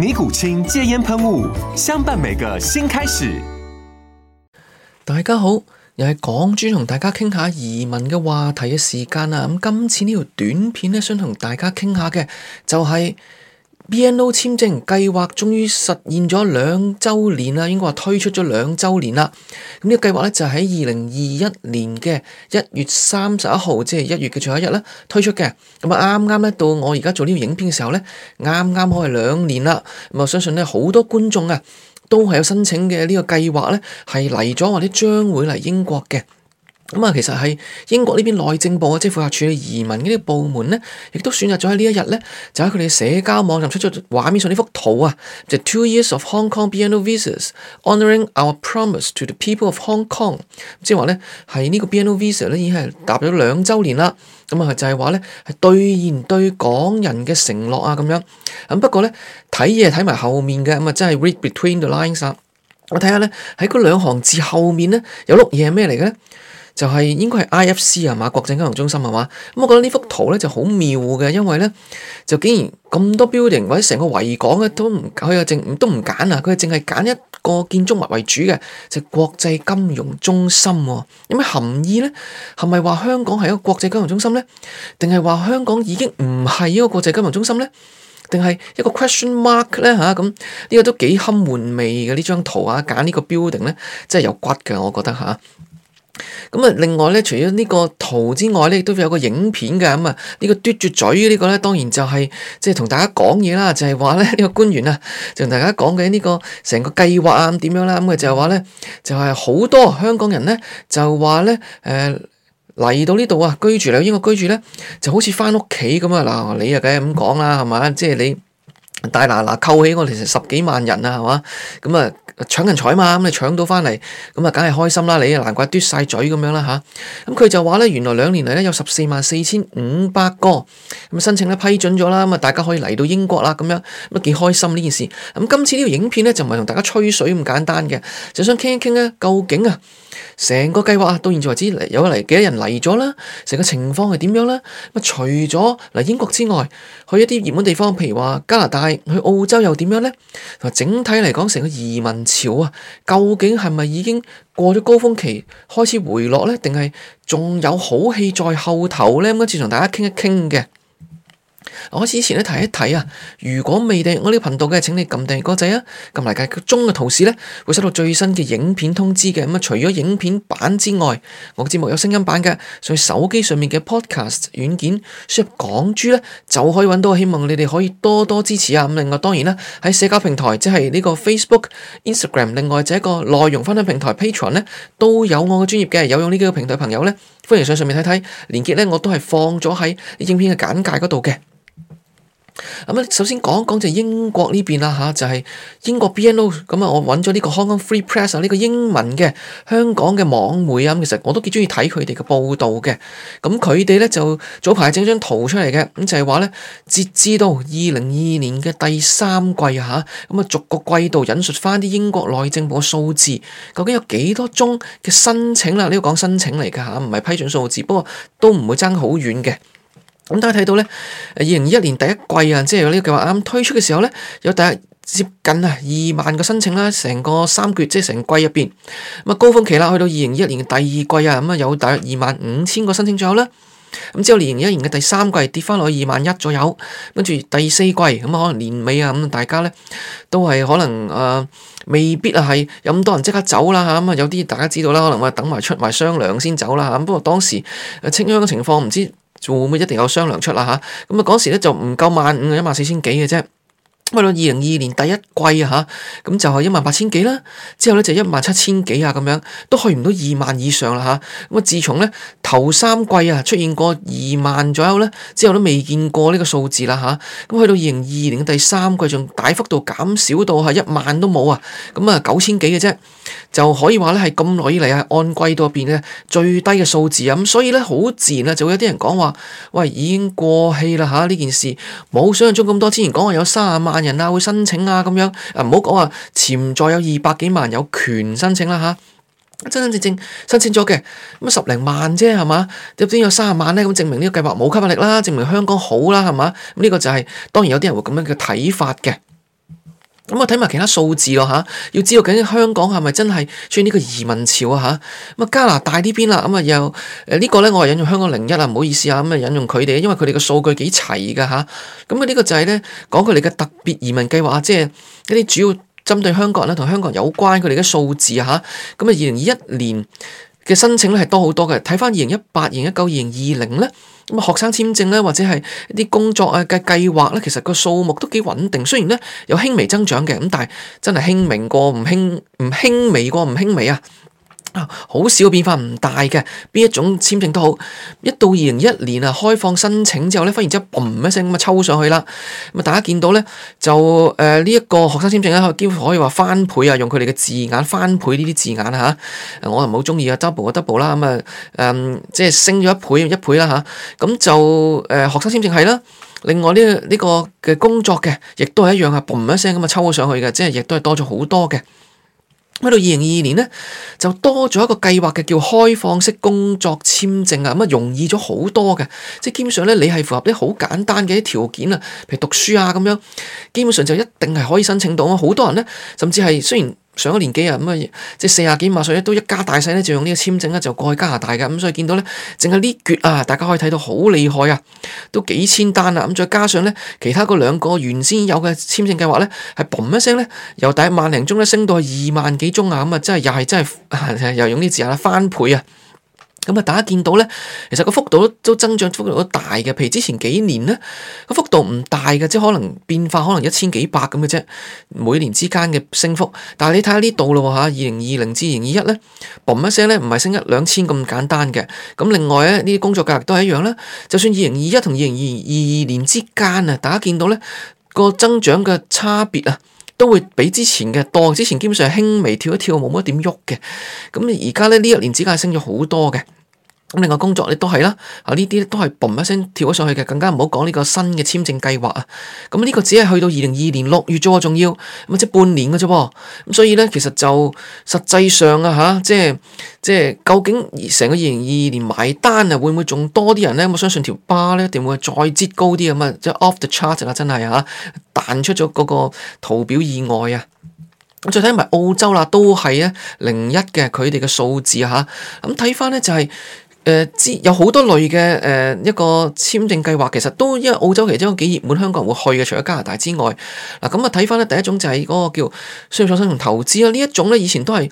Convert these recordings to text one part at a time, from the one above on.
尼古清戒煙噴霧，相伴每個新開始。大家好，又係港豬同大家傾下移民嘅話題嘅時間啦。咁今次呢條短片呢，想同大家傾下嘅就係、是。BNO 簽證計劃終於實現咗兩周年啦，應該話推出咗兩周年啦。咁、這、呢個計劃咧就喺二零二一年嘅一月三十一號，即係一月嘅最後一日咧推出嘅。咁啊啱啱咧到我而家做呢條影片嘅時候咧，啱啱開係兩年啦。咁我相信咧好多觀眾啊都係有申請嘅呢個計劃咧，係嚟咗或者將會嚟英國嘅。咁啊，其實係英國呢邊內政部啊，即係負責處理移民呢啲部門咧，亦都選擇咗喺呢一日咧，就喺佢哋嘅社交網站出咗畫面上呢幅圖啊。就 The two years of Hong Kong BNO visas, honouring our promise to the people of Hong Kong，即係話咧係呢個 BNO Visa 咧已經係踏咗兩周年啦。咁、嗯、啊，就係話咧係兌現對港人嘅承諾啊，咁樣咁，不過咧睇嘢睇埋後面嘅咁啊，真、嗯、係 read between the lines 啦。我睇下咧喺嗰兩行字後面咧有六嘢係咩嚟嘅咧？就係應該係 IFC 係嘛，國際金融中心係嘛？咁我覺得呢幅圖咧就好妙嘅，因為咧就竟然咁多 building 或者成個維港咧都唔佢又淨唔都唔揀啊，佢淨係揀一個建築物為主嘅，就係國際金融中心喎。有咩含義咧？係咪話香港係一個國際金融中心咧？定係話香港已經唔係一個國際金融中心咧？定係一個 question mark 咧？吓？咁呢個都幾堪玩味嘅呢張圖啊！揀呢個 building 咧，真係有骨嘅，我覺得嚇。啊咁啊，另外咧，除咗呢個圖之外咧，亦都有個影片嘅咁啊。呢個嘟住嘴呢個咧，當然就係即係同大家講嘢啦，就係話咧，呢個官員啊，就同大家講緊呢個成個計劃啊，咁點樣啦，咁嘅就係話咧，就係好多香港人咧，就話咧誒嚟到呢度啊，居住啦，嚟到英國居住咧，就好似翻屋企咁啊嗱，你又梗係咁講啦，係嘛，即係你。大拿嗱扣起，我哋成十幾萬人啊，係、嗯、嘛？咁啊搶人才嘛，咁啊搶到翻嚟，咁啊梗係開心啦！你難怪嘟晒嘴咁樣啦吓，咁、啊、佢、嗯、就話咧，原來兩年嚟咧有十四萬四千五百個咁、嗯、申請咧批准咗啦，咁、嗯、啊大家可以嚟到英國啦咁樣，咁啊幾開心呢件事。咁、嗯、今次呢條影片咧就唔係同大家吹水咁簡單嘅，就想傾一傾咧、啊、究竟啊～成個計劃啊，到現在為止有嚟幾多人嚟咗啦？成個情況係點樣呢？除咗英國之外，去一啲熱門地方，譬如話加拿大、去澳洲又點樣呢？嗱，整體嚟講，成個移民潮啊，究竟係咪已經過咗高峰期，開始回落呢？定係仲有好戲在後頭呢？咁今次同大家傾一傾嘅。我之前咧提一提啊，如果未訂我呢個頻道嘅，請你撳訂閱個掣啊，撳埋計鐘嘅圖示咧，會收到最新嘅影片通知嘅。咁啊，除咗影片版之外，我節目有聲音版嘅，所以手機上面嘅 Podcast 軟件輸入港豬咧，就可以揾到。希望你哋可以多多支持啊！咁另外，當然啦，喺社交平台，即係呢個 Facebook、Instagram，另外就係一個內容分享平台 Patreon 咧，都有我嘅專頁嘅。有用呢幾個平台朋友咧，歡迎上上面睇睇，鏈接咧我都係放咗喺影片嘅簡介嗰度嘅。首先講一講就英國呢邊啦吓，就係、是、英國 BNO 咁、嗯、啊，我揾咗呢個 Hong Kong Free Press 呢個英文嘅香港嘅網媒啊，其實我都幾鍾意睇佢哋嘅報道嘅。咁佢哋咧就早排整張圖出嚟嘅，咁、嗯、就係話咧截至到二零二二年嘅第三季啊吓，咁、嗯、啊逐個季度引述翻啲英國內政部嘅數字，究竟有幾多宗嘅申請啦？呢、啊這個講申請嚟嘅，吓、啊，唔係批准數字，不過都唔會爭好遠嘅。咁大家睇到咧，二零二一年第一季啊，即係呢個計劃啱推出嘅時候咧，有大約接近啊二萬個申請啦，成個三個月即係成季入邊。咁啊高峰期啦，去到二零二一年嘅第二季啊，咁啊有大約二萬五千個申請左右啦。咁之後，二零二一年嘅第三季跌翻落去二萬一左右，跟住第四季，咁啊可能年尾啊，咁啊大家咧都係可能啊、呃、未必啊係有咁多人即刻走啦嚇，咁啊有啲大家知道啦，可能我哋等埋出埋商量先走啦嚇。不過當時清央嘅情況唔知。做咪一定有商量出啦吓，咁啊嗰時咧就唔夠萬五，一萬四千幾嘅啫。去到二零二二年第一季吓，咁、啊、就係一萬八千幾啦，之後咧就一萬七千幾啊，咁樣都去唔到二萬以上啦，吓咁啊！自從咧頭三季啊出現過二萬左右咧，之後都未見過呢個數字啦，吓咁去到二零二二年嘅第三季，仲大幅度減少到係一萬都冇啊，咁啊九千幾嘅啫，就可以話咧係咁耐以嚟，係按季度入面嘅最低嘅數字啊，咁所以咧好自然啊，就會有啲人講話喂，已經過氣啦吓呢件事，冇想象中咁多，之前講話有三啊萬。人啊會申請啊咁樣啊，唔好講啊潛在有二百幾萬有權申請啦吓，真真正正申請咗嘅，咁十零萬啫係嘛？點解有三十萬咧？咁證明呢個計劃冇吸引力啦，證明香港好啦係嘛？咁呢個就係，當然有啲人會咁樣嘅睇法嘅。咁啊，睇埋其他數字咯吓，要知道究竟香港係咪真係出現呢個移民潮啊吓？咁啊，加拿大呢邊啦，咁啊又誒呢個咧，我係引用香港零一啦，唔好意思啊，咁啊引用佢哋，因為佢哋嘅數據幾齊噶吓。咁啊呢個就係咧講佢哋嘅特別移民計劃啊，即係一啲主要針對香港人啦同香港人有關佢哋嘅數字吓。咁啊，二零二一年嘅申請咧係多好多嘅，睇翻二零一八年、一九、二零二零咧。咁學生簽證呢，或者係一啲工作啊嘅計劃呢，其實個數目都幾穩定。雖然呢有輕微增長嘅，咁但係真係輕微過唔輕，唔輕微過唔輕微啊！好少嘅，變化唔大嘅，邊一種簽證都好，一到二零二一年啊，開放申請之後咧，忽然之間嘣一聲咁啊抽上去啦，咁啊大家見到咧就誒呢一個學生簽證咧幾乎可以話翻倍啊，用佢哋嘅字眼翻倍呢啲字眼吓，我又唔好中意啊 double 啊 double 啦，咁啊誒即係升咗一倍一倍啦吓，咁就誒學生簽證係啦，另外呢呢個嘅工作嘅，亦都係一樣啊，嘣一聲咁啊抽上去嘅，即係亦都係多咗好多嘅。去到二零二二年咧，就多咗一個計劃嘅叫開放式工作簽證啊，咁啊容易咗好多嘅，即基本上咧你係符合啲好簡單嘅一啲條件啊，譬如讀書啊咁樣，基本上就一定係可以申請到啊！好多人咧，甚至係雖然。上一年幾啊咁啊，即係四廿幾萬歲都一家大細咧就用呢個簽證咧就過去加拿大㗎咁，所以見到咧，淨係呢橛啊，大家可以睇到好厲害啊，都幾千單啦，咁再加上咧其他嗰兩個原先有嘅簽證計劃咧，係嘣一聲咧，由第一萬零宗咧升到去二萬幾宗啊，咁啊，真係又係真係又用呢字眼啦，翻倍啊！咁啊！大家見到咧，其實個幅度都增長幅度都大嘅。譬如之前幾年咧，個幅度唔大嘅，即係可能變化可能一千幾百咁嘅啫，每年之間嘅升幅。但係你睇下呢度咯嚇，二零二零至二零二一咧，嘣一聲咧，唔係升一兩千咁簡單嘅。咁另外咧，呢啲工作價都係一樣啦。就算二零二一同二零二二二年之間啊，大家見到咧個增長嘅差別啊。都會比之前嘅多，之前基本上輕微跳一跳，冇乜點喐嘅，咁而家咧呢一年指係升咗好多嘅。咁另外工作你都係啦，啊呢啲都係砰一聲跳咗上去嘅，更加唔好講呢個新嘅簽證計劃啊。咁、這、呢個只係去到二零二二年六月咗，仲要咁即係半年嘅啫。咁所以咧，其實就實際上啊，吓即係即係究竟成個二零二二年埋單會會啊，會唔會仲多啲人咧？我相信條巴咧一定會再接高啲咁啊，即係 off the chart 啦，真係吓、啊、彈出咗嗰個圖表意外啊。咁再睇埋澳洲啦，都係啊零一嘅，佢哋嘅數字吓。咁睇翻咧就係、是。誒，之、呃、有好多類嘅誒、呃、一個簽證計劃，其實都因為澳洲其中都幾熱門，香港人會去嘅，除咗加拿大之外，嗱咁啊睇翻咧，嗯、第一種就係嗰個叫商業創新同投資啦，呢一種咧以前都係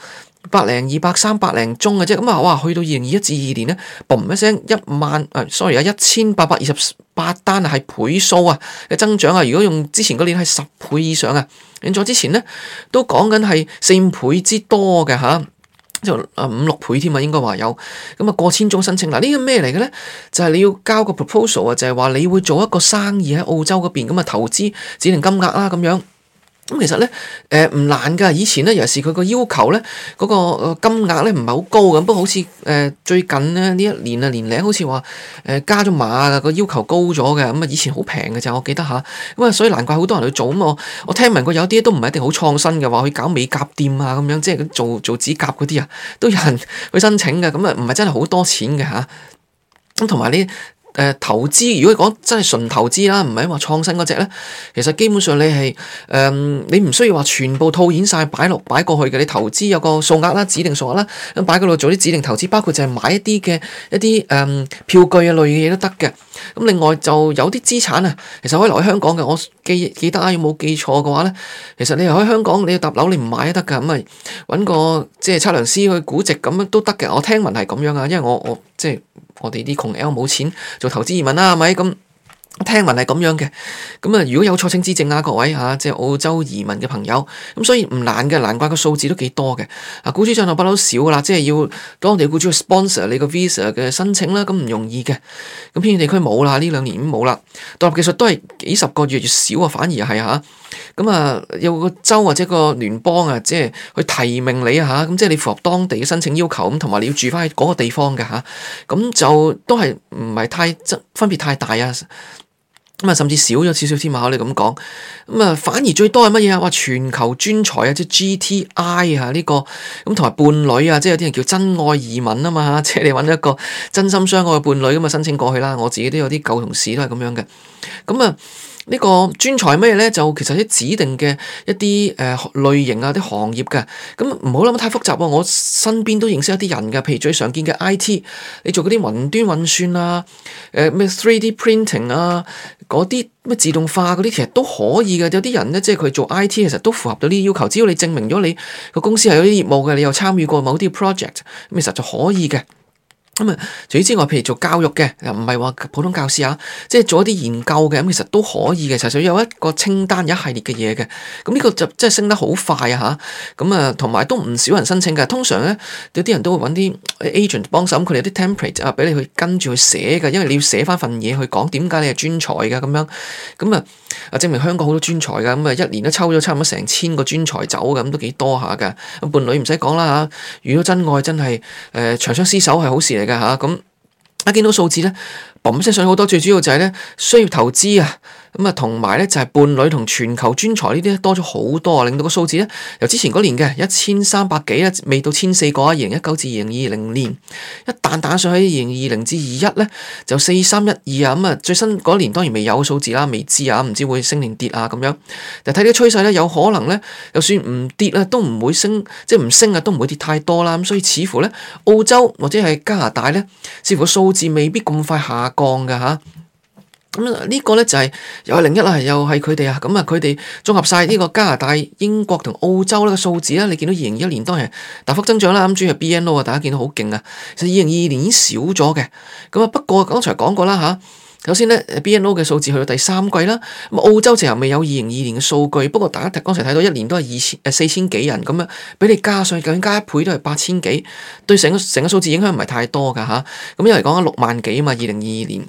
百零二百三百零宗嘅啫，咁啊哇，去到二零二一至二年咧，嘣一聲一萬，誒 sorry 有一千八百二十八單啊，係倍數啊嘅增長啊，如果用之前嗰年係十倍以上啊，咁再之前咧都講緊係四五倍之多嘅嚇。就五六倍添啊，應該話有咁啊過千宗申請嗱，呢個咩嚟嘅咧？就係、是、你要交個 proposal 啊，就係話你會做一個生意喺澳洲嗰邊咁啊投資指定金額啦咁樣。咁其實咧，誒、呃、唔難噶。以前咧尤其係佢個要求咧，嗰、嗰個金額咧唔係好高咁。不過好似誒最近咧呢一年啊年齡好似話誒加咗碼啊，個要求高咗嘅。咁啊以前好平嘅咋，我記得吓，咁哇！所以難怪好多人去做咁，我我聽聞過有啲都唔係一定好創新嘅，話去搞美甲店啊咁樣，即係做做指甲嗰啲啊都有人去申請嘅。咁啊唔係真係好多錢嘅吓？咁同埋呢。誒投資，如果講真係純投資啦，唔係話創新嗰隻咧，其實基本上你係誒、嗯，你唔需要話全部套現晒擺落擺過去嘅。你投資有個數額啦，指定數額啦，咁擺嗰度做啲指定投資，包括就係買一啲嘅一啲誒、嗯、票據啊類嘅嘢都得嘅。咁另外就有啲資產啊，其實可以留喺香港嘅。我記記得啊，有冇記錯嘅話咧，其實你留喺香港，你要搭樓，你唔買都得㗎，咁咪揾個即係測量師去估值咁樣都得嘅。我聽聞係咁樣啊，因為我我即係。我哋啲窮 L 冇錢做投資移民啦，係咪？咁聽聞係咁樣嘅，咁啊，如果有錯請指正啊，各位吓，即係澳洲移民嘅朋友，咁所以唔難嘅，難怪個數字都幾多嘅。啊，雇主贊助不嬲少噶啦，即係要當地雇主去 sponsor 你個 visa 嘅申請啦，咁唔容易嘅。咁偏遠地區冇啦，呢兩年已經冇啦，獨立技術都係幾十個月越少啊，反而係吓。咁啊、嗯，有個州或者個聯邦啊，即係去提名你啊。吓、嗯，咁即係你符合當地嘅申請要求，咁同埋你要住翻喺嗰個地方嘅吓、啊，咁、嗯、就都係唔係太，分別太大啊，咁、嗯、啊，甚至少咗少少添啊，你咁講，咁、嗯、啊，反而最多係乜嘢啊？哇，全球專才啊，即係 G T I 啊呢、這個，咁同埋伴侶啊，即係有啲人叫真愛移民啊嘛，嗯、即係你搵一個真心相愛嘅伴侶咁啊、嗯，申請過去啦。我自己都有啲舊同事都係咁樣嘅，咁、嗯、啊。嗯嗯個專，呢個專才咩咧？就其實啲指定嘅一啲誒、呃、類型啊，啲行業嘅，咁唔好諗太複雜喎、啊。我身邊都認識一啲人嘅，譬如最常見嘅 I T，你做嗰啲雲端運算啊，誒咩 three D printing 啊，嗰啲咩自動化嗰啲，其實都可以嘅。有啲人咧，即係佢做 I T，其實都符合到呢啲要求。只要你證明咗你個公司係有啲業務嘅，你又參與過某啲 project，咁其實就可以嘅。咁啊，除此之外，譬如做教育嘅，又唔係話普通教師吓，即係做一啲研究嘅，咁其實都可以嘅。其實有一個清單一系列嘅嘢嘅。咁呢個就即係升得好快啊，吓，咁啊，同埋都唔少人申請嘅。通常咧，有啲人都會揾啲 agent 幫手，咁佢哋有啲 template 啊，俾你去跟住去寫嘅。因為你要寫翻份嘢去講點解你係專才嘅，咁樣，咁啊，證明香港好多專才㗎。咁啊，一年都抽咗差唔多成千個專才走，咁都幾多下㗎，啊。伴侶唔使講啦吓，遇到真愛真係，誒長相厮守係好事嚟。咁一、啊、見到數字咧，嘭聲上好多，最主要就係咧需要投資啊。同埋咧就係伴侶同全球專才呢啲多咗好多啊。令到個數字咧由之前嗰年嘅一千三百幾咧，未到千四個啊，二零一九至二零二零年一彈打上去二零二零至二一咧就四三一二啊，咁啊最新嗰年當然未有數字啦，未知啊，唔知會升定跌啊咁樣。但睇啲趨勢咧，有可能咧，就算唔跌咧，都唔會升，即係唔升啊，都唔會跌太多啦。咁所以似乎咧，澳洲或者係加拿大咧，似乎個數字未必咁快下降嘅嚇。咁呢個呢就係又係另一啦，又係佢哋啊！咁啊，佢哋綜合晒呢個加拿大、英國同澳洲呢個數字啦。你見到二零一年當然大幅增長啦，啱主要 BNO 啊，大家見到好勁啊。其實二零二二年已經少咗嘅。咁啊，不過剛才講過啦吓。首先呢 BNO 嘅數字去到第三季啦。咁澳洲其實未有二零二二年嘅數據，不過大家睇剛才睇到一年都係二千誒四千幾人咁啊，俾你加上去，究竟加一倍都係八千幾，對成個成個數字影響唔係太多噶吓。咁因為講緊六萬幾啊嘛，二零二二年。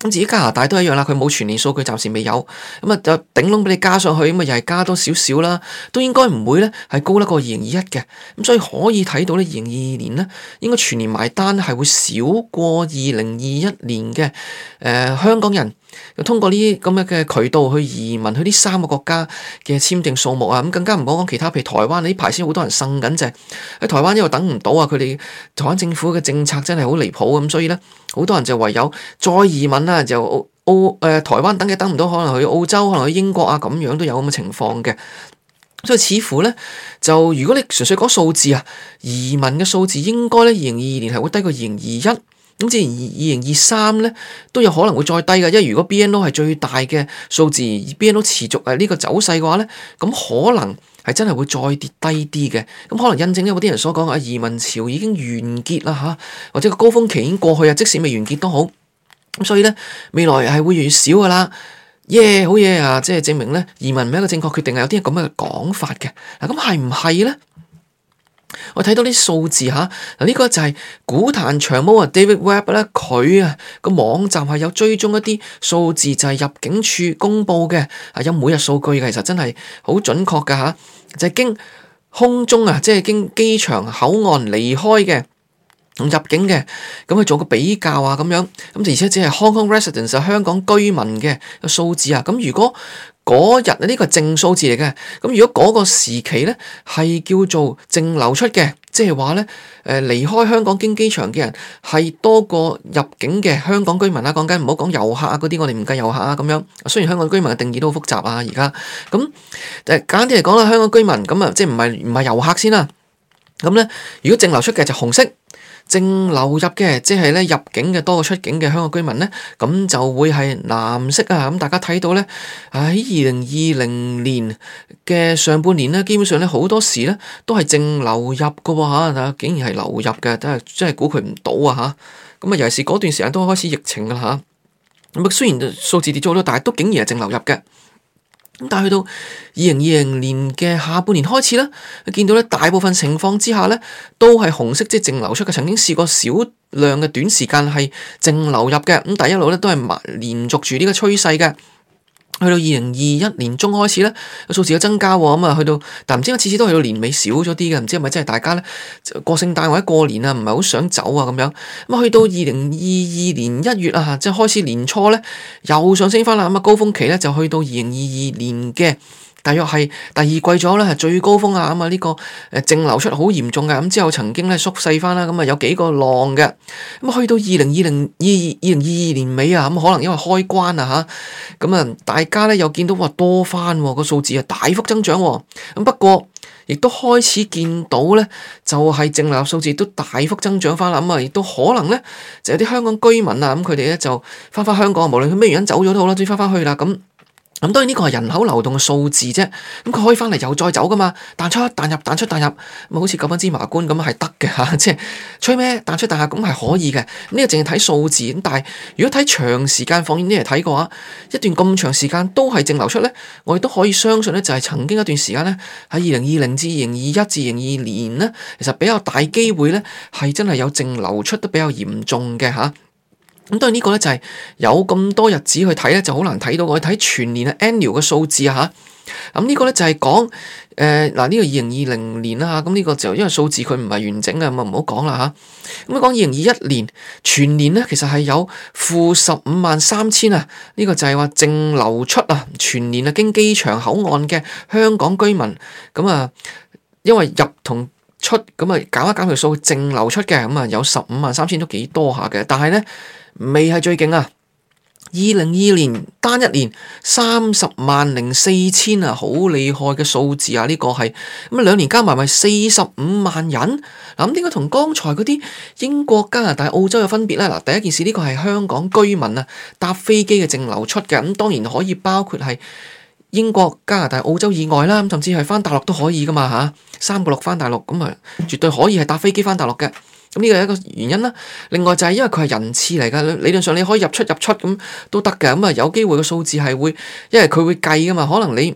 咁至於加拿大都一樣啦，佢冇全年數據，暫時未有。咁啊，就頂籠畀你加上去，咁啊又係加多少少啦，都應該唔會咧係高得過二零二一嘅。咁所以可以睇到咧，二零二二年咧應該全年埋單係會少過二零二一年嘅。誒、呃，香港人。又通過呢啲咁嘅渠道去移民去呢三個國家嘅簽證數目啊，咁更加唔好講其他，譬如台灣呢排先好多人呻緊就喺台灣一路等唔到啊，佢哋台灣政府嘅政策真係好離譜咁，所以呢，好多人就唯有再移民啊，就澳澳台灣等嘅等唔到，可能去澳洲，可能去英國啊，咁樣都有咁嘅情況嘅，所以似乎呢，就如果你純粹講數字啊，移民嘅數字應該呢，二零二二年係會低過二零二一。咁自然二零二三呢都有可能會再低嘅，因為如果 B N O 係最大嘅數字，而 B N O 持續係呢個走勢嘅話呢，咁可能係真係會再跌低啲嘅。咁可能印證咧，有啲人所講移民潮已經完結啦嚇，或者個高峰期已經過去啊。即使未完結都好，咁所以呢，未來係會越少噶啦。耶好嘢啊！即係證明呢，移民唔係一個正確決定啊。有啲咁嘅講法嘅，咁係唔係呢？我睇到啲數字吓，嗱、這、呢個就係股壇長毛啊，David Webb 咧，佢啊個網站係有追蹤一啲數字，就、係、是、入境處公布嘅，係有每日數據嘅，其實真係好準確噶吓，就、係、是、經空中啊，即、就、係、是、經機場口岸離開嘅同入境嘅，咁去做個比較啊，咁樣咁，而且只係 Hong Kong residents，香港居民嘅數字啊，咁如果。嗰日呢個係正數字嚟嘅。咁如果嗰個時期呢係叫做淨流出嘅，即係話呢誒離開香港經機場嘅人係多過入境嘅香港居民啊。講緊唔好講遊客啊，嗰啲我哋唔計遊客啊。咁樣雖然香港居民嘅定義都好複雜啊，而家咁誒簡單啲嚟講啦，香港居民咁啊，即係唔係唔係遊客先啦。咁呢，如果淨流出嘅就紅色。正流入嘅，即係咧入境嘅多過出境嘅香港居民咧，咁就會係藍色啊！咁大家睇到咧喺二零二零年嘅上半年咧，基本上咧好多時咧都係正流入噶喎嚇，竟然係流入嘅，真係真係估佢唔到啊嚇！咁啊，尤其是嗰段時間都開始疫情啦嚇，咁啊雖然數字跌咗好多，但係都竟然係正流入嘅。咁但係去到二零二零年嘅下半年開始咧，見到咧大部分情況之下咧，都係紅色，即係淨流出嘅。曾經試過少量嘅短時間係淨流入嘅，咁但係一路咧都係埋連續住呢個趨勢嘅。去到二零二一年中開始咧，有數字有增加，咁、嗯、啊，去到但唔知點解次次都去到年尾少咗啲嘅，唔知係咪真係大家咧過聖誕或者過年啊，唔係好想走啊咁樣。咁、嗯、啊，去到二零二二年一月啊，即係開始年初咧又上升翻啦，咁、嗯、啊，高峰期咧就去到二零二二年嘅。大約係第二季左右，最高峰啊，咁啊呢個誒淨流出好嚴重嘅，咁之後曾經咧縮細翻啦，咁啊有幾個浪嘅，咁去到二零二零二二零二二年尾啊，咁可能因為開關啊吓，咁啊大家咧又見到話多翻喎個數字啊大幅增長喎，咁不過亦都開始見到咧就係淨流入數字都大幅增長翻啦，咁啊亦都可能咧就有啲香港居民啊，咁佢哋咧就翻返香港，無論佢咩原因走咗都好啦，終於翻返去啦咁。咁當然呢個係人口流動嘅數字啫，咁佢可以翻嚟又再走噶嘛，彈出彈入彈出彈入，咁好似九品芝麻官咁啊，係得嘅嚇，即係吹咩，彈出彈入咁係可以嘅。呢、 呢個淨係睇數字，咁但係如果睇長時間放眼啲嚟睇嘅話，一段咁長時間都係淨流出咧，我亦都可以相信咧，就係曾經一段時間咧喺二零二零至二零二一至二零二二年咧，其實比較大機會咧係真係有淨流出得比較嚴重嘅嚇。咁當然呢個咧就係有咁多日子去睇咧，就好難睇到。我哋睇全年啊 annual 嘅數字啊嚇。咁呢個咧就係講誒嗱呢個二零二零年啦嚇。咁呢個就因為數字佢唔係完整嘅，咁咪唔好講啦嚇。咁講二零二一年全年咧，其實係有負十五萬三千啊。呢個就係話淨流出啊。全年啊，經機場口岸嘅香港居民咁啊，因為入同出咁啊，搞一搞條數，淨流出嘅咁啊，有十五萬三千都幾多下嘅。但係咧。未係最勁啊！二零二二年單一年三十萬零四千啊，好、這個、厲害嘅數字啊！呢、這個係咁兩年加埋咪四十五萬人嗱。咁點解同剛才嗰啲英國、加拿大、澳洲嘅分別呢？嗱，第一件事呢、這個係香港居民啊搭飛機嘅淨流出嘅，咁、啊、當然可以包括係英國、加拿大、澳洲以外啦、啊，甚至係翻大陸都可以噶嘛吓。三個六翻大陸咁啊，絕對可以係搭飛機翻大陸嘅。咁呢個係一個原因啦，另外就係因為佢係人次嚟噶，理論上你可以入出入出咁都得嘅，咁啊，有機會個數字係會，因為佢會計噶嘛，可能你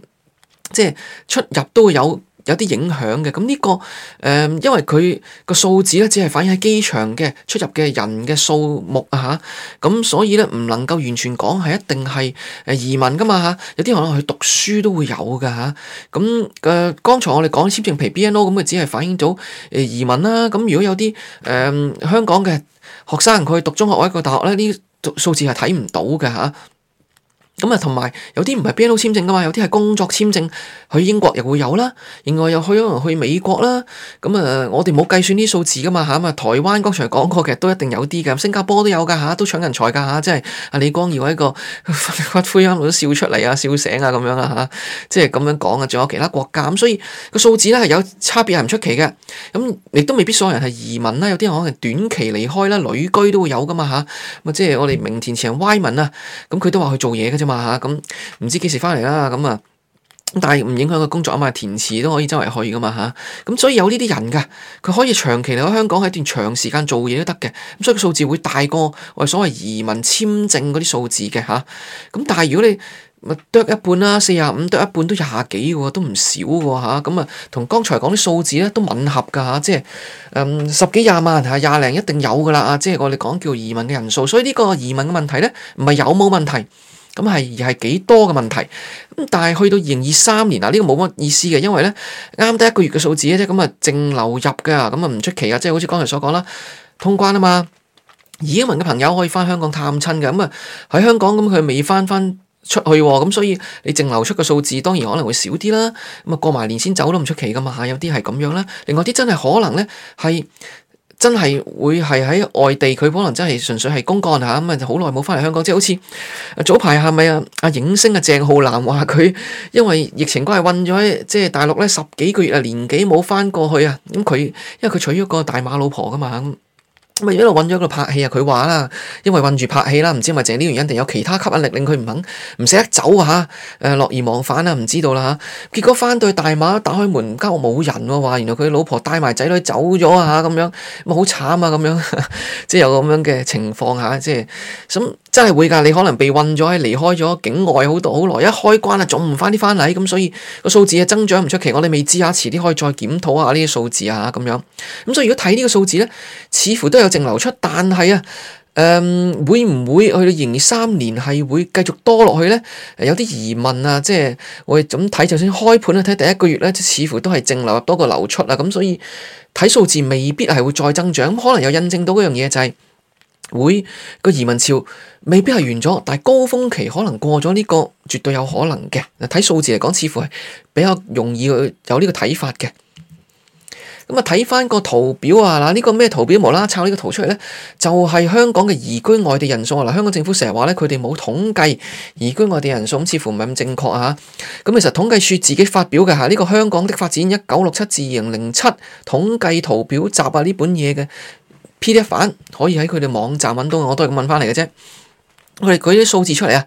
即係、就是、出入都會有。有啲影響嘅，咁呢、呢個誒、呃，因為佢個數字咧，只係反映喺機場嘅出入嘅人嘅數目啊嚇，咁所以咧唔能夠完全講係一定係誒移民噶嘛嚇、啊，有啲可能去讀書都會有噶嚇，咁、啊、嘅、啊、剛才我哋講簽證皮 BNO 咁嘅，只係反映到誒移民啦、啊，咁、啊、如果有啲誒、呃、香港嘅學生佢讀中學或者讀大學咧，呢啲數字係睇唔到嘅嚇。啊咁啊，同埋有啲唔係 BNO 簽證噶嘛，有啲係工作簽證，去英國又會有啦。另外又去咗去美國啦。咁、嗯、啊，我哋冇計算啲數字噶嘛嚇嘛。台灣剛才講過，其實都一定有啲噶。新加坡都有噶嚇，都搶人才噶嚇、啊，即係阿李光耀一個 灰灰啱啱都笑出嚟啊，笑醒啊咁樣啦嚇、啊，即係咁樣講啊。仲有其他國家，咁所以個數字咧係有差別係唔出奇嘅。咁、嗯、亦都未必所有人係移民啦，有啲人可能短期離開啦，旅居都會有噶嘛嚇。咁、啊、即係我哋明田前歪文啊，咁佢都話去做嘢嘅啫嘛。吓，咁唔知幾時翻嚟啦，咁啊，嗯嗯、但係唔影響個工作啊嘛，填詞都可以周圍去噶嘛吓，咁、嗯、所以有呢啲人噶，佢可以長期留喺香港喺一段長時間做嘢都得嘅，咁、嗯、所以個數字會大過我哋所謂移民簽證嗰啲數字嘅吓，咁、啊、但係如果你剁一半啦，四廿五剁一半都廿幾喎，都唔少喎吓，咁啊同剛、嗯、才講啲數字咧都吻合噶吓、啊，即係、嗯、十幾廿萬吓廿零一定有噶啦啊，即係我哋講叫移民嘅人數，所以呢個移民嘅問題咧唔係有冇問題。咁係而係幾多嘅問題？咁但係去到二零二三年嗱，呢個冇乜意思嘅，因為呢啱得一個月嘅數字啫，咁啊淨流入嘅，咁啊唔出奇啊，即係好似剛才所講啦，通關啊嘛，移民嘅朋友可以翻香港探親嘅，咁啊喺香港咁佢未翻翻出去，咁、嗯、所以你淨流出嘅數字當然可能會少啲啦，咁啊過埋年先走都唔出奇噶嘛，有啲係咁樣啦，另外啲真係可能呢係。真係會係喺外地，佢可能真係純粹係公幹吓，咁啊，就好耐冇翻嚟香港，即係好似早排係咪啊？阿影星啊，鄭浩南話佢因為疫情關係困咗，喺即係大陸咧十幾個月啊，年幾冇翻過去啊，咁佢因為佢娶咗個大馬老婆噶嘛咁啊！一路揾咗佢拍戲啊，佢話啦，因為困住拍戲啦，唔知係咪淨係呢個原因，定有其他吸引力令佢唔肯唔捨得走啊嚇！誒，樂而忘返啊，唔知道啦嚇、啊。結果翻到去大馬，打開門，間屋冇人喎，話原來佢老婆帶埋仔女走咗啊嚇咁樣，咁、啊、好慘啊咁樣，呵呵即係有咁樣嘅情況嚇、啊，即係咁。真係會㗎，你可能被困咗喺離開咗境外好多好耐，一開關啊，總唔翻啲返嚟，咁所以個數字啊增長唔出奇，我哋未知啊，遲啲可以再檢討下呢啲數字啊咁樣。咁所以如果睇呢個數字咧，似乎都有淨流出，但係啊，誒、嗯、會唔會去到營業三年係會繼續多落去咧？有啲疑問啊，即係我哋咁睇，就算開盤咧，睇第一個月咧，似乎都係淨流入多過流出啊，咁所以睇數字未必係會再增長，可能又印證到嗰樣嘢就係、是。會個移民潮未必係完咗，但係高峰期可能過咗呢、這個，絕對有可能嘅。睇數字嚟講，似乎係比較容易有呢個睇法嘅。咁、嗯、啊，睇翻個圖表啊，嗱，呢個咩圖表無啦啦抄呢個圖出嚟咧？就係、是、香港嘅移居外地人數啊！嗱、嗯，香港政府成日話咧，佢哋冇統計移居外地人數，咁似乎唔係咁正確啊！咁、嗯、其實統計處自己發表嘅吓，呢、這個香港的發展一九六七至二零零七統計圖表集啊呢本嘢嘅。1> PDF 版可以喺佢哋網站揾到，我都係咁問翻嚟嘅啫。佢哋舉啲數字出嚟啊，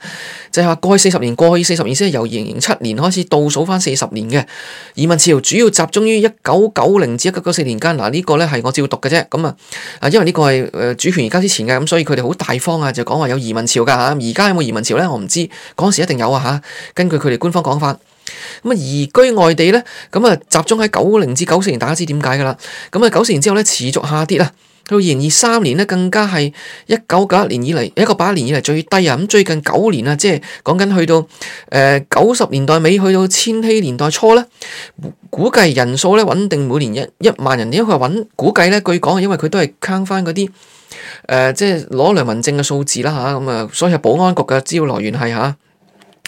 就係、是、話過去四十年，過去四十年先由二零零七年開始倒數翻四十年嘅移民潮，主要集中於一九九零至一九九四年間。嗱、這、呢個咧係我照讀嘅啫。咁啊，啊因為呢個係誒主權移交之前嘅，咁所以佢哋好大方啊，就講話有移民潮㗎嚇。而家有冇移民潮咧？我唔知。嗰陣時一定有啊嚇。根據佢哋官方講法，咁啊移居外地咧，咁啊集中喺九零至九四年，大家知點解㗎啦？咁啊九四年之後咧，持續下跌啊。到二零二三年咧，更加係一九九一年以嚟一個八年以嚟最低啊！咁最近九年啊，即係講緊去到誒九十年代尾，去到千禧年代初咧，估計人數咧穩定每年一一萬人，因為佢係穩估計咧。據講係因為佢都係坑翻嗰啲誒，即係攞良民證嘅數字啦吓，咁啊，所以係保安局嘅資料來源係吓，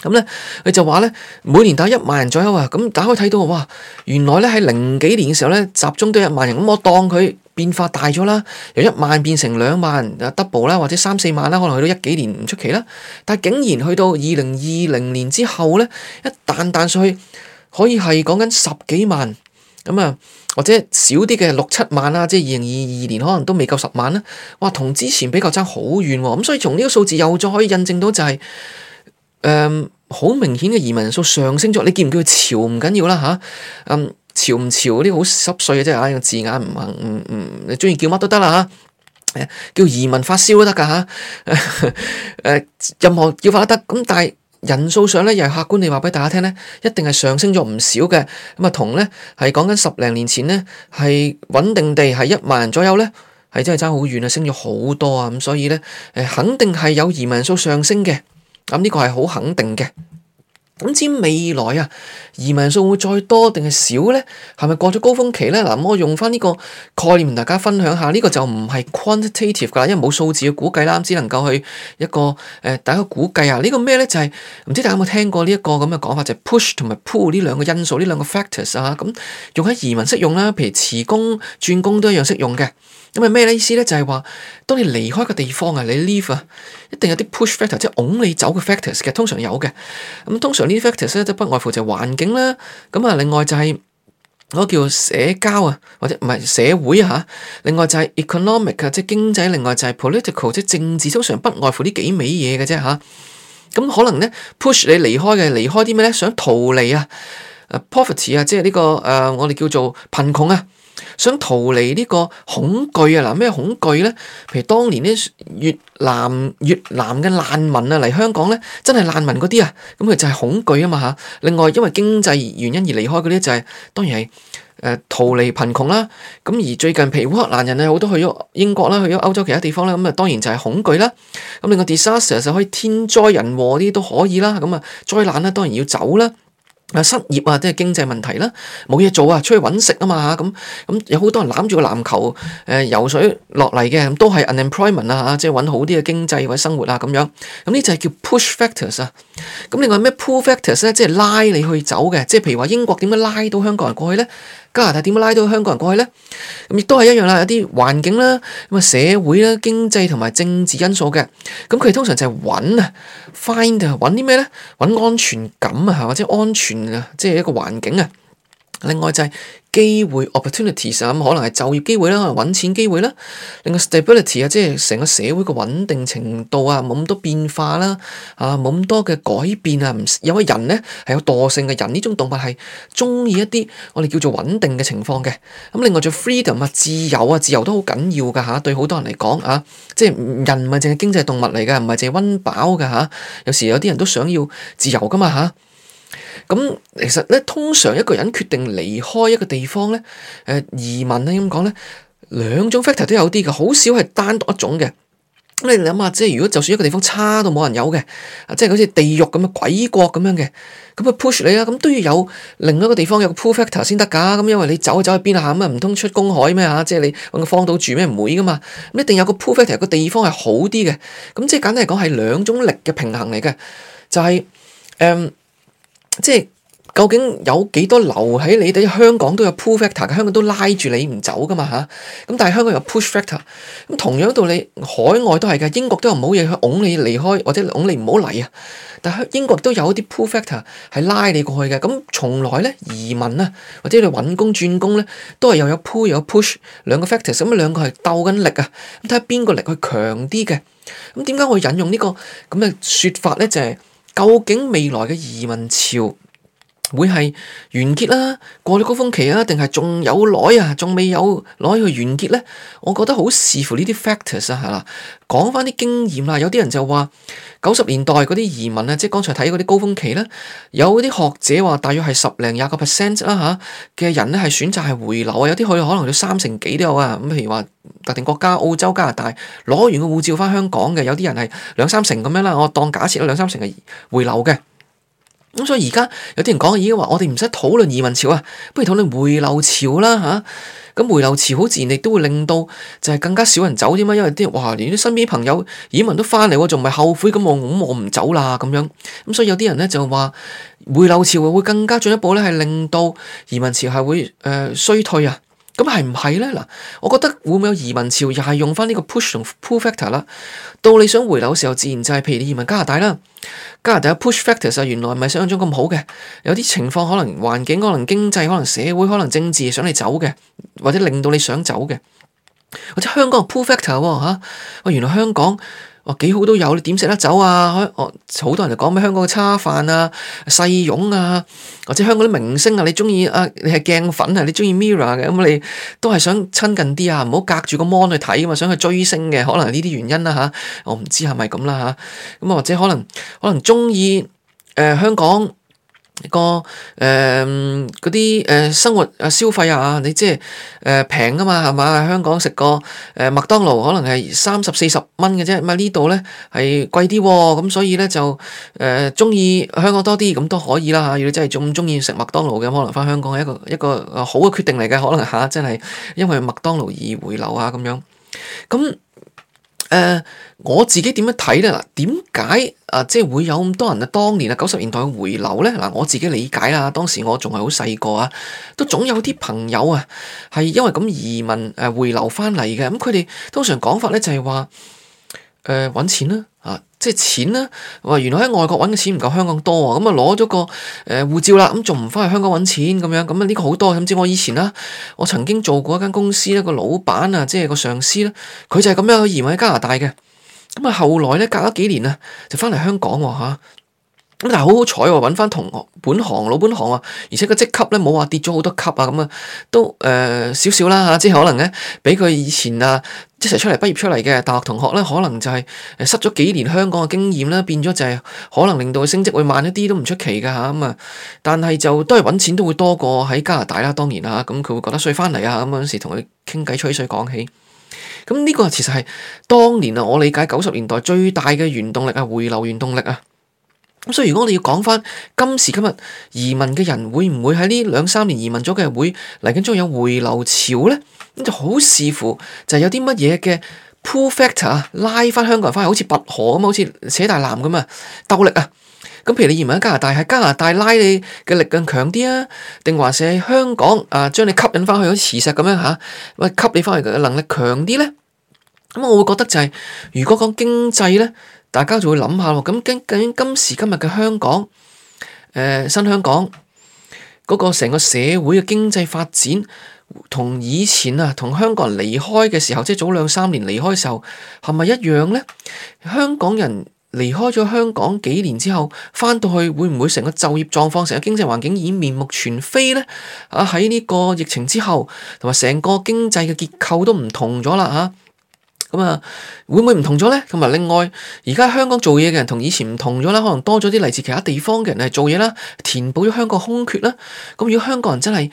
咁、啊、咧，佢、嗯、就話咧每年大概一萬人左右啊。咁、嗯、打開睇到哇，原來咧喺零幾年嘅時候咧集中都一萬人，咁我當佢。變化大咗啦，由一萬變成兩萬，double 啦，或者三四萬啦，可能去到一幾年唔出奇啦。但係竟然去到二零二零年之後咧，一啖啖上去可以係講緊十幾萬咁啊、嗯，或者少啲嘅六七萬啦，即係二零二二年可能都未夠十萬啦。哇，同之前比較爭好遠喎。咁、嗯、所以從呢個數字又再可以印證到就係、是，誒、嗯，好明顯嘅移民人數上升咗。你見唔見佢潮唔緊要啦吓。嗯。潮唔潮啲好濕碎嘅，即係個字眼唔行唔唔，你中意叫乜都得啦吓，叫移民發燒都得噶吓，任何叫法都得。咁但係人數上咧，又係客觀地話俾大家聽咧，一定係上升咗唔少嘅。咁啊同咧係講緊十零年前咧係穩定地係一萬人左右咧，係真係差好遠啊，升咗好多啊。咁所以咧誒，肯定係有移民人數上升嘅，咁呢個係好肯定嘅。咁知未來啊，移民數會再多定係少呢？係咪過咗高峰期呢？嗱，我用翻呢個概念同大家分享下，呢、這個就唔係 quantitative 㗎，因為冇數字嘅估計啦，只能夠去一個誒、呃，大家估計啊。呢、這個咩呢？就係、是、唔知大家有冇聽過呢一個咁嘅講法，就係、是、push 同埋 pull 呢兩個因素，呢兩個 factors 啊。咁用喺移民適用啦，譬如辭工轉工都一樣適用嘅。咁係咩意思咧？就係、是、話當你離開個地方啊，你 leave 啊，一定有啲 push factor，即係拱你走嘅 factors 嘅，通常有嘅。咁通常呢啲 factors 咧，都不外乎就係環境啦。咁啊，另外就係嗰個叫社交啊，或者唔係社會吓。另外就係 economic 啊，即係經濟。另外就係 political，即係政治。通常不外乎呢幾味嘢嘅啫吓。咁、啊、可能咧 push 你離開嘅，離開啲咩咧？想逃離啊，poverty 啊，ty, 即係呢、這個誒、呃，我哋叫做貧窮啊。想逃離呢個恐懼啊！嗱，咩恐懼咧？譬如當年啲越南越南嘅難民啊，嚟香港咧，真係難民嗰啲啊，咁佢就係恐懼啊嘛嚇。另外，因為經濟原因而離開嗰啲就係、是、當然係誒、呃、逃離貧窮啦。咁而最近譬如烏克難人啊，好多去咗英國啦，去咗歐洲其他地方啦，咁啊當然就係恐懼啦。咁另外 disaster 就可以天災人禍啲都可以啦。咁啊災難咧，當然要走啦。失業啊，即係經濟問題啦，冇嘢做啊，出去揾食啊嘛，咁咁有好多人攬住個籃球，誒、呃、游水落嚟嘅，都係 unemployment 啊，即係揾好啲嘅經濟或者生活啊，咁樣，咁呢就係叫 push factors 啊。咁另外咩 pull factors 呢？即係拉你去走嘅，即係譬如話英國點樣拉到香港人過去呢？加拿大點樣拉到香港人過去呢？咁亦都係一樣啦，有啲環境啦、咁啊社會啦、經濟同埋政治因素嘅。咁佢哋通常就係揾啊，find 啊，揾啲咩咧？揾安全感啊，或者安全啊，即係一個環境啊。另外就係機會 opportunities 可能係就業機會啦，可能揾錢機會啦。另外 stability 啊，即係成個社會嘅穩定程度啊，冇咁多變化啦，啊冇咁多嘅改變啊。因為人咧係有惰性嘅人，呢種動物係鍾意一啲我哋叫做穩定嘅情況嘅。咁另外仲有 freedom 啊，自由啊，自由都好緊要噶嚇。對好多人嚟講啊，即係人唔係淨係經濟動物嚟噶，唔係淨係溫飽噶嚇。有時有啲人都想要自由噶嘛嚇。咁其實咧，通常一個人決定離開一個地方咧，誒、呃，移民咧咁講咧，兩種 factor 都有啲嘅，好少係單獨一種嘅。咁你諗下，即係如果就算一個地方差到冇人有嘅，即係好似地獄咁嘅，鬼國咁樣嘅，咁啊 push 你啊，咁都要有另一個地方有個 pull factor 先得噶。咁因為你走走去邊啊，咁啊唔通出公海咩啊？即係你揾個荒島住咩唔會噶嘛？咁一定有個 pull factor 個地方係好啲嘅。咁即係簡單嚟講係兩種力嘅平衡嚟嘅，就係、是，誒、嗯。即係究竟有幾多留喺你哋香港都有 pull factor，香港都拉住你唔走噶嘛嚇。咁但係香港有 push factor。咁同樣道理，海外都係嘅，英國都有唔好嘢去拱你離開或者拱你唔好嚟啊。但係英國都有一啲 pull factor 係拉你過去嘅。咁從來咧移民啊或者你揾工轉工咧都係又有 pull 又有 push 兩個 factor。咁啊兩個係鬥緊力啊。咁睇下邊個力去強啲嘅。咁點解我引用呢個咁嘅說法咧？就係。究竟未來嘅移民潮，會係完結啦、啊，過咗高峰期啊，定係仲有耐啊，仲未有耐去完結咧？我覺得好視乎呢啲 factors 啊，吓啦。講翻啲經驗啦，有啲人就話九十年代嗰啲移民咧，即係剛才睇嗰啲高峰期咧，有啲學者話大約係十零廿個 percent 啦吓嘅人咧係選擇係回流啊，有啲去可能要三成幾都有啊。咁譬如話特定國家澳洲加拿大攞完個護照翻香港嘅，有啲人係兩三成咁樣啦。我當假設兩三成係回流嘅。咁所以而家有啲人講已經話我哋唔使討論移民潮啊，不如討論回流潮啦吓。咁、啊、回流潮好自然，亦都會令到就係更加少人走添嘛。因為啲人哇連啲身邊啲朋友移民都翻嚟，仲唔係後悔咁我我唔走啦咁樣。咁、啊、所以有啲人咧就話回流潮會更加進一步咧係令到移民潮係會誒、呃、衰退啊。咁係唔係呢？嗱，我覺得會唔會有移民潮？又係用翻呢個 push 同 pull factor 啦。到你想回流時候，自然就係、是、譬如你移民加拿大啦。加拿大嘅 push factor 啊，原來唔係想像中咁好嘅。有啲情況可能環境、可能經濟、可能社會、可能政治想你走嘅，或者令到你想走嘅，或者香港嘅 pull factor 嚇、啊。我原來香港。哦，幾好都有，你點食得走啊？好、哦、好多人就講咩香港嘅叉飯啊、細蓉啊，或者香港啲明星啊，你中意啊？你係鏡粉啊？你中意 Mirror 嘅，咁，你都係想親近啲啊，唔好隔住個 mon 去睇啊嘛，想去追星嘅，可能呢啲原因啦、啊、嚇、啊，我唔知係咪咁啦嚇，咁啊或者可能可能中意誒香港。個誒嗰啲誒生活啊消費啊，你即係誒平啊嘛係嘛？香港食個誒麥當勞可能係三十四十蚊嘅啫，咪呢度咧係貴啲啊，咁所以咧就誒中意香港多啲，咁都可以啦、啊、嚇。如果你真係咁中意食麥當勞嘅，可能返香港係一個一個、一個好嘅決定嚟嘅，可能嚇、啊，真係因為麥當勞而回流啊咁樣。咁誒，uh, 我自己點樣睇咧？嗱，點解啊，即係會有咁多人啊，當年啊九十年代回流咧？嗱，我自己理解啦，當時我仲係好細個啊，都總有啲朋友啊，係因為咁移民誒回流翻嚟嘅，咁佢哋通常講法咧就係話，誒搵錢啦。即係錢呢？原來喺外國揾嘅錢唔夠香港多啊，哦，咁啊攞咗個誒、呃、護照啦，咁仲唔翻去香港揾錢咁樣？咁啊呢個好多，甚至我以前啦，我曾經做過一間公司咧，個老闆啊，即係個上司咧，佢就係咁樣去移民喺加拿大嘅。咁、嗯、啊，後來咧隔咗幾年啊，就翻嚟香港喎、哦、嚇。咁但係好好彩喎，揾翻同本行老本行啊，而且個職級咧冇話跌咗好多級啊，咁啊都誒少少啦嚇，即係可能咧比佢以前啊。即係出嚟畢業出嚟嘅大學同學呢，可能就係失咗幾年香港嘅經驗啦，變咗就係可能令到佢升職會慢一啲都唔出奇嘅吓咁啊！但係就都係揾錢都會多過喺加拿大啦，當然啦，咁佢會覺得衰翻嚟啊，咁嗰陣時同佢傾偈吹水講起，咁呢個其實係當年啊，我理解九十年代最大嘅原動力啊，回流原動力啊！咁所以如果我哋要講翻今時今日移民嘅人會唔會喺呢兩三年移民咗嘅會嚟緊將有回流潮咧？咁就好視乎就係有啲乜嘢嘅 pull factor 啊，拉翻香港人翻去，好似拔河咁啊，好似扯大纜咁啊，鬥力啊！咁譬如你移民喺加拿大，喺加拿大拉你嘅力量強啲啊，定還是香港啊，將你吸引翻去好似磁石咁樣嚇，喂、啊，吸引翻去嘅能力強啲咧？咁我會覺得就係、是、如果講經濟咧。大家就會諗下咯，咁究竟今時今日嘅香港，誒、呃、新香港嗰、那個成個社會嘅經濟發展，同以前啊，同香港人離開嘅時候，即係早兩三年離開嘅時候，係咪一樣咧？香港人離開咗香港幾年之後，翻到去會唔會成個就業狀況、成個經濟環境已面目全非咧？啊，喺呢個疫情之後，同埋成個經濟嘅結構都唔同咗啦，嚇、啊！咁啊，會唔會唔同咗咧？同埋另外，而家香港做嘢嘅人同以前唔同咗啦，可能多咗啲嚟自其他地方嘅人嚟做嘢啦，填補咗香港空缺啦。咁如果香港人真係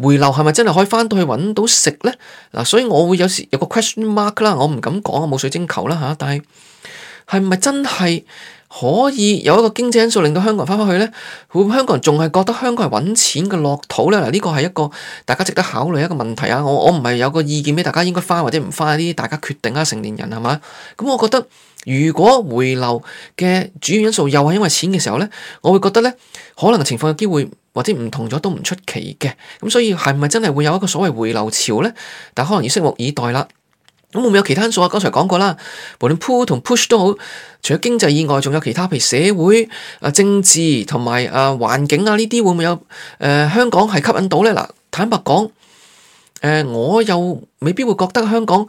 回流，係咪真係可以返到去揾到食咧？嗱，所以我會有時有個 question mark 啦，我唔敢講我冇水晶球啦嚇，但係係咪真係？可以有一個經濟因素令到香港人翻返去呢？會唔會香港人仲係覺得香港係揾錢嘅樂土呢？嗱，呢個係一個大家值得考慮一個問題啊！我我唔係有個意見俾大家應該翻或者唔翻啲，大家決定啊，成年人係嘛？咁我覺得如果回流嘅主要因，因素又係因為錢嘅時候呢，我會覺得呢，可能情況有機會或者唔同咗都唔出奇嘅。咁所以係咪真係會有一個所謂回流潮呢？但可能要拭目以待啦。咁會唔會有其他因素啊？剛才講過啦，無論 pull 同 push 都好，除咗經濟以外，仲有其他，譬如社會、啊政治同埋啊環境啊呢啲，會唔會有？誒、呃、香港係吸引到咧？嗱，坦白講，誒、呃、我又未必會覺得香港，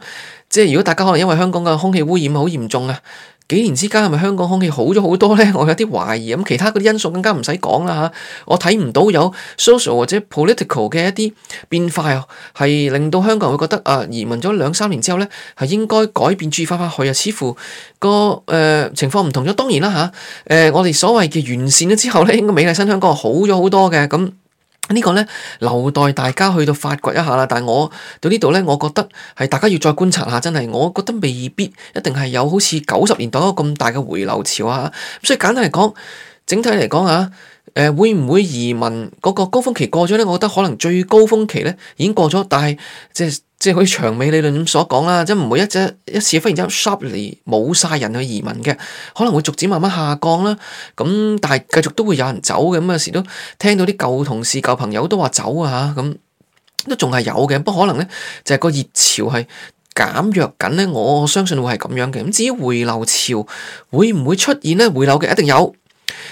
即係如果大家可能因為香港嘅空氣污染好嚴重啊。幾年之間係咪香港空氣好咗好多呢？我有啲懷疑。咁其他啲因素更加唔使講啦吓。我睇唔到有 social 或者 political 嘅一啲變化，係令到香港人會覺得啊，移民咗兩三年之後呢，係應該改變主意返返去啊。似乎，個誒、呃、情況唔同咗。當然啦吓，誒、呃、我哋所謂嘅完善咗之後呢，應該美麗新香港係好咗好多嘅咁。嗯呢個呢，留待大家去到發掘一下啦，但係我到呢度呢，我覺得係大家要再觀察下，真係我覺得未必一定係有好似九十年代咁大嘅回流潮啊。所以簡單嚟講，整體嚟講啊，誒、呃、會唔會移民嗰、那個高峰期過咗呢？我覺得可能最高峰期呢已經過咗，但係即係。即係好似長尾理論咁所講啦，即係唔會一隻一次忽然之間 shop 嚟冇晒人去移民嘅，可能會逐漸慢慢下降啦。咁但係繼續都會有人走嘅，咁有時都聽到啲舊同事、舊朋友都話走啊嚇，咁都仲係有嘅。不過可能咧就係、是、個熱潮係減弱緊咧，我相信會係咁樣嘅。咁至於回流潮會唔會出現咧？回流嘅一定有。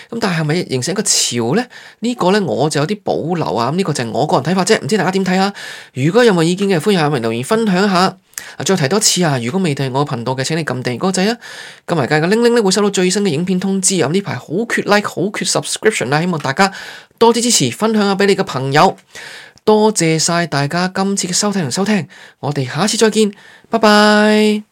咁但係係咪形成一個潮呢？呢個呢，我就有啲保留啊！呢個就係我個人睇法啫，唔知大家點睇啊？如果有冇意見嘅，歡迎下文留言分享下。再提多次啊！如果未訂閱我頻道嘅，請你撳訂閱個掣啊，撳埋計個鈴鈴咧，會收到最新嘅影片通知。啊，呢排好缺 like，好缺 subscription 啊，希望大家多啲支持，分享下俾你嘅朋友。多謝晒大家今次嘅收聽同收聽，我哋下次再見，拜拜。